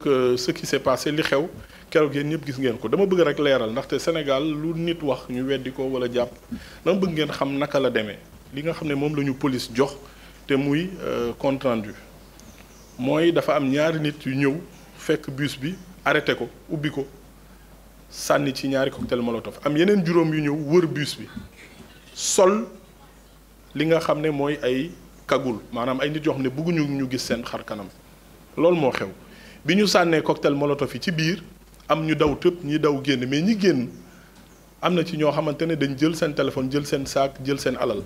que euh, ce qui s'est passé li xew kero yéen ñëpp gis ngeen ko dama bëgg rek leeral ndaxte Sénégal lu nit wax ñu weddi ko wala jàpp dama bëgg ngeen xam naka la demee li nga xam ne moom la ñu police jox te muy euh, compte rendu mooy dafa am ñaari nit yu ñëw fekk bus bi arrêté ko ubbi ko sànni ci ñaari cocktail molotov am yeneen juróom yu ñëw wër bus bi sol li nga xam ne mooy ay kagul maanaam ay nit yoo xam ne bëgguñu ñu gis seen xar kanam loolu moo xew. bi ñu sànnee cocktail molotov yi ci biir am ñu daw tëb ñi daw génn mais ñi génn am na ci ñoo xamante ne dañ jël seen téléphone jël seen saak jël seen alal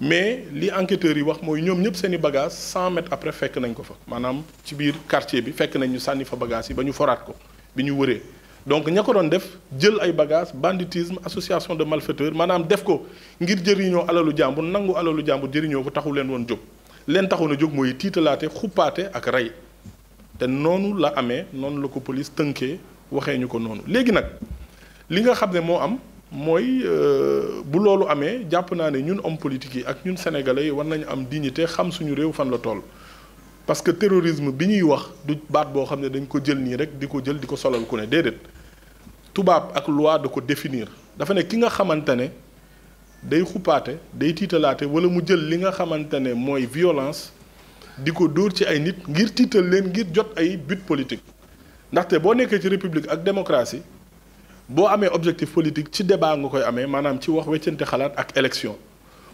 mais li enquêteurs yi wax mooy ñoom ñëpp seen i bagages 100 après fekk nañ ko fa maanaam ci biir quartier bi fekk nañ ñu sànni fa bagages yi ba ñu foraat ko bi ñu wëree donc ña ko doon def jël ay bagages banditisme association de malfaiteurs maanaam def ko ngir jëriñoo alalu jàmbur nangu alalu jàmbur jëriñoo ko taxu leen woon jóg leen taxoon a jóg mooy tiitalaate xuppaate ak rey te noonu la amee noonu la ko police tënkee waxee ñu ko noonu léegi nag li nga xam ne moo am mooy euh, bu loolu amee jàpp naa ne ñun homme politique yi ak ñun sénégalais yi war nañu am dignité xam suñu réew fan la tool parce que terrorisme bi ñuy wax du baat boo xam ne dañ ko jël nii rek di ko jël di ko solal ku ne déedéet tubaab ak loi da ko définir dafa ne ki nga xamante ne day xupaate day tiitalaate wala mu jël li nga xamante ne mooy violence. di ko dóor ci ay nit ngir tiital leen ngir jot ay but politique ndaxte boo nekkee ci république ak démocratie boo amee objectif politique ci débat nga koy amee maanaam ci wax weccante xalaat ak élection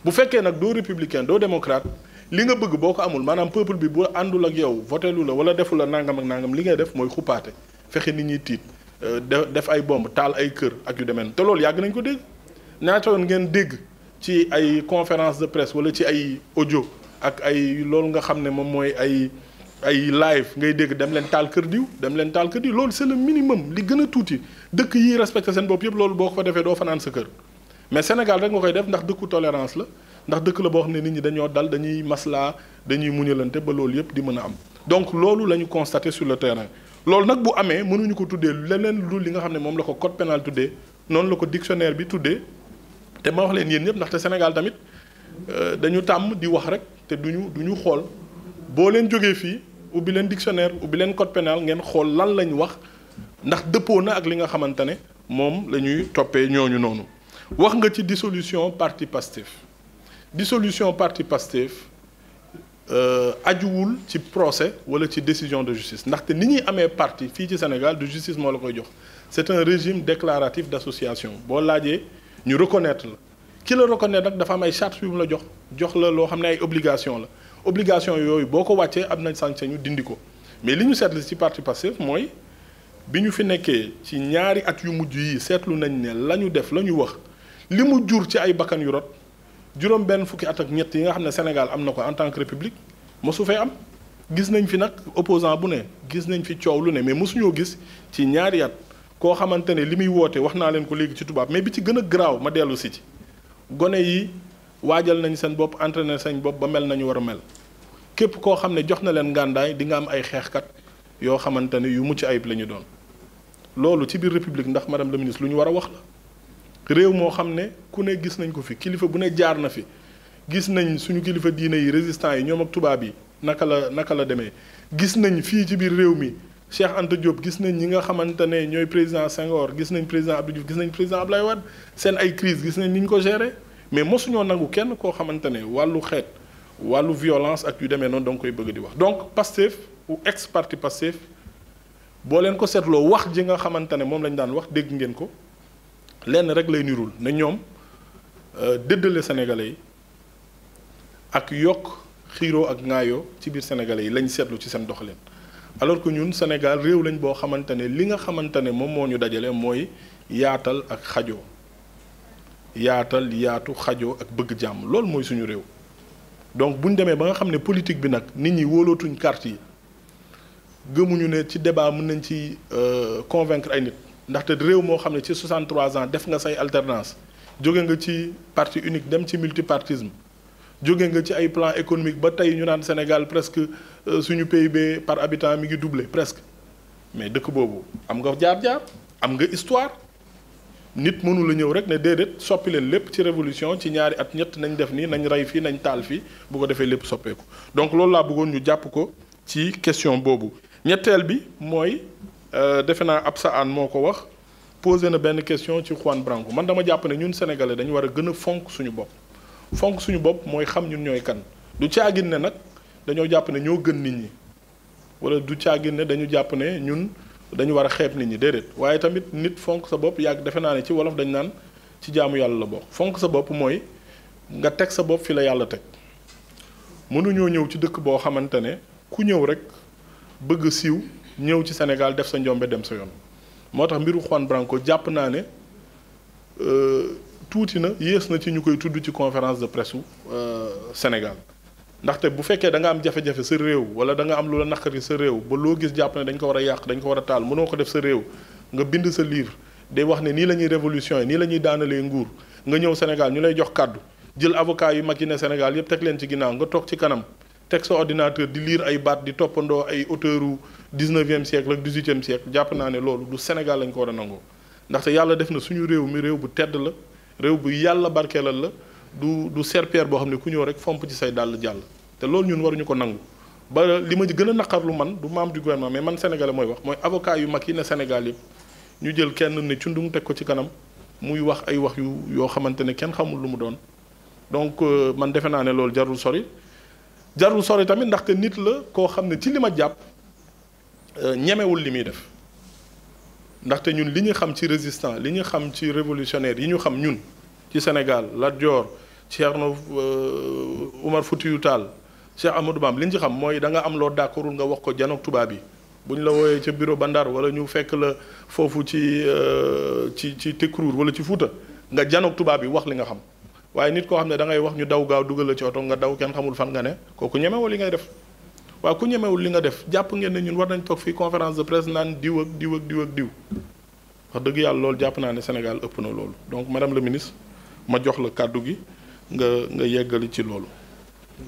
bu fekkee nag doo républicain doo démocrate li nga bëgg boo ko amul maanaam peuple bi bu àndul ak yow votelu la wala defu la nangam ak nangam li ngay def mooy xupaate fexe nit ñi tiit euh, def ay bomb taal ay kër ak yu demeen te loolu yàgg nañ ko dégg ñaata ngeen dégg ci ay conférence de presse wala ci ay audio ak ay loolu nga xam ne moom mooy ay ay live ngay dégg dem leen taal kër diw dem leen taal kër diw loolu c'est le minimum li gën a tuuti dëkk yi respecté seen bopp yëpp loolu boo ko defee doo fanaan sa kër mais Sénégal rek nga koy def ndax dëkku tolérance la ndax dëkk la boo xam ne nit ñi dañoo dal dañuy maslaa dañuy muñalante ba loolu yëpp di mën a am donc loolu la ñu constaté sur le terrain loolu nag bu amee mënuñu ko tuddee leneen lu li nga xam ne moom la ko code pénal noonu la ko dictionnaire bi tuddee te ma wax leen yéen ñëpp ndaxte Sénégal tamit euh, dañu tàmm di wax rek te duñu duñu xool boo leen jógee fii ubbi leen dictionnaire ubbi leen code pénal ngeen xool lan lañ wax ndax dëppoo na ak li nga xamante ne moom la ñuy toppee ñooñu noonu wax nga ci dissolution parti Pastef dissolution parti Pastef euh, ajuwul ci procès wala ci décision de justice ndaxte ni ñuy amee parti fii ci Sénégal du justice moo la koy jox c'est un régime déclaratif d'association boo laajee ñu reconnaître la ki la reconnaître nag dafa am ay chartes yu mu la jox jox la loo xam ne ay obligation la obligation yooyu boo ko wàccee am nañ sañ ñu dindi ko mais li ñu seetlu ci parti Pastef mooy bi ñu fi nekkee ci ñaari at yu mujj yi seetlu nañ ne la ñu def la ñu wax li mu jur ci ay bakkan yu rot juróom benn fukki at ak ñett yi nga xam ne Sénégal am na ko en tant que république mosu fee am gis nañ fi nag opposant bu ne gis nañ fi coow lu ne mais mosuñoo gis ci ñaari at koo xamante ne li muy woote wax naa leen ko léegi ci tubaab mais bi ci gën garaaw ma dellu si ci gone yi waajal nañ seen bopp entraîner seen bopp ba mel nañu war a mel képp koo xam ne jox na leen ngàndaay di nga am ay xeexkat yoo xamante ne yu mucc ayib lañu doon loolu ci biir république ndax madame la ministre lu ñu war a wax la réew moo xam ne ku ne gis nañ ko fi kilifa bu ne jaar na fi gis nañ suñu kilifa diine yi résistants yi ñoom ak tubaab yi naka la naka la demee gis nañ fii ci biir réew mi Cheikh Anta Diop gis nañ ñi nga xamante ne ñooy président Senghor gis nañ président Abdou Diouf gis nañ président Ablaye Wade seen ay crise gis nañ ni ñu ko gérer mais mosuñoo nangu kenn koo xamante ne wàllu xeet wàllu violence ak yu demee noonu da nga koy bëgg di wax. donc Pastef u ex parti Pastef boo leen ko seetloo wax ji nga xamante ne moom lañ daan wax dégg ngeen ko lenn rek lay nirul na ñoom euh, dëddale sénégalais yi ak yokk xiiroo ak ngaayo ci biir sénégalais yi lañ seetlu ci seen doxalin. alors que ñun Sénégal réew lañ boo xamante ne li nga xamante ne moom moo ñu dajale mooy yaatal ak xajoo yaatal yaatu xajoo ak bëgg jàmm loolu mooy suñu réew donc bu demee ba nga xam ne politique bi nag nit ñi wóolootuñ carte yi gëmuñu ne ci débat mën nañ ci euh, convaincre ay nit ndaxte réew moo xam ne ci 63 ans def nga say alternance jóge nga ci partie unique dem ci multipartisme jóge nga ci ay plan économique ba tey ñu naan Sénégal presque euh, suñu PIB par habitant mi ngi doublé presque mais dëkk boobu am nga jaar-jaar am nga histoire nit mënula ñëw rek ne déedéet soppi leen lépp ci révolution ci ñaari at ñett nañ def nii nañ rey fii nañ taal fii bu ko defee lépp soppeeku donc loolu laa bëggoon ñu jàpp ko ci question boobu ñetteel bi mooy euh, defe naa ab sa Anne moo ko wax posé na benn question ci Juan Branco man dama jàpp ne ñun sénégalais dañu war a gën a fonk suñu bopp. fonk suñu bopp mooy xam ñun ñooy kan du caagin ne nag dañoo jàpp ne ñoo gën nit ñi wala du caagin ne dañu jàpp ne ñun dañu war a xeeb nit ñi déedéet waaye tamit nit fonk sa bopp yàgg defe naa ne ci wolof dañu naan ci jaamu yàlla la bokk fonk sa bopp mooy nga teg sa bopp fi la yàlla teg mënuñoo ñëw ci dëkk boo xamante ne ku ñëw rek bëgg siiw ñëw ci Sénégal def sa njombe dem sa yoon moo tax mbiru Juan Branco jàpp naa ne euh, tuuti na yées na ci ñu koy tudd ci conférence de presse euh, Sénégal ndaxte bu fekkee da nga am jafe-jafe sa réew wala danga am lu la naqari sa réew ba loo gis jàpp ne dañ ko war a yàq dañ ko war a taal mënoo ko def sa réew nga bind sa livre day wax ne nii la ñuy révolution nii la ñuy daanalee nguur nga ñëw Sénégal ñu lay jox kàddu jël avocat yu mag yi ne Sénégal yëpp teg leen ci ginnaaw nga toog ci kanam teg sa ordinateur di lire ay baat di toppandoo ay auteuru 19e siècle ak 18e siècle jàpp naa ne loolu du Sénégal lañ ko war a nangoo ndaxte yàlla def na suñu réew mi réew bu tedd la réew bu yàlla barkeelal la du du serpillère boo xam ne ku ñëw rek fomp ci say dàll jàll te loolu ñun waruñu ko nangu ba li ma gën a naqarlu man du maam du gouvernement mais man sénégalais mooy wax mooy avocat yu mag yi ne Sénégal yëpp ñu jël kenn ne cundum teg ko ci kanam muy wax ay wax yu yoo xamante ne kenn xamul lu mu doon donc euh, man defe naa ne loolu jarul sori jarul sori tamit ndaxte nit la koo xam ne ci li ma jàpp euh, ñemewul li muy def ndaxte ñun li ñu xam ci résistant li ñu xam ci révolutionnaire yi ñu xam ñun ci Sénégal Lat Dior Thierno euh, Oumar Foutiyou Tall Cheikh Amadou Bam li ñu ci xam mooy da am loo d'accordul nga wax ko janoog tubaab yi bu ñu la wooyee ca bureau bandar wala ñu fekk la foofu ci euh, ci ci Tekruur wala ci Fuuta nga janoog tubaab yi wax li nga xam waaye nit koo xam ne dangay wax ñu daw gaaw dugal la ci oto nga daw kenn xamul fan nga ne kooku ñemewoo li ngay def waaw ku ñemewul li nga def jàpp ngeen ne ñun war nañ toog fii conférence de presse naan diw ak diw ak diw ak diw wax dëgg yàlla loolu jàpp naa ne Sénégal ëpp na loolu donc madame la ministre ma jox la kàddu gi nga nga yeggali ci loolu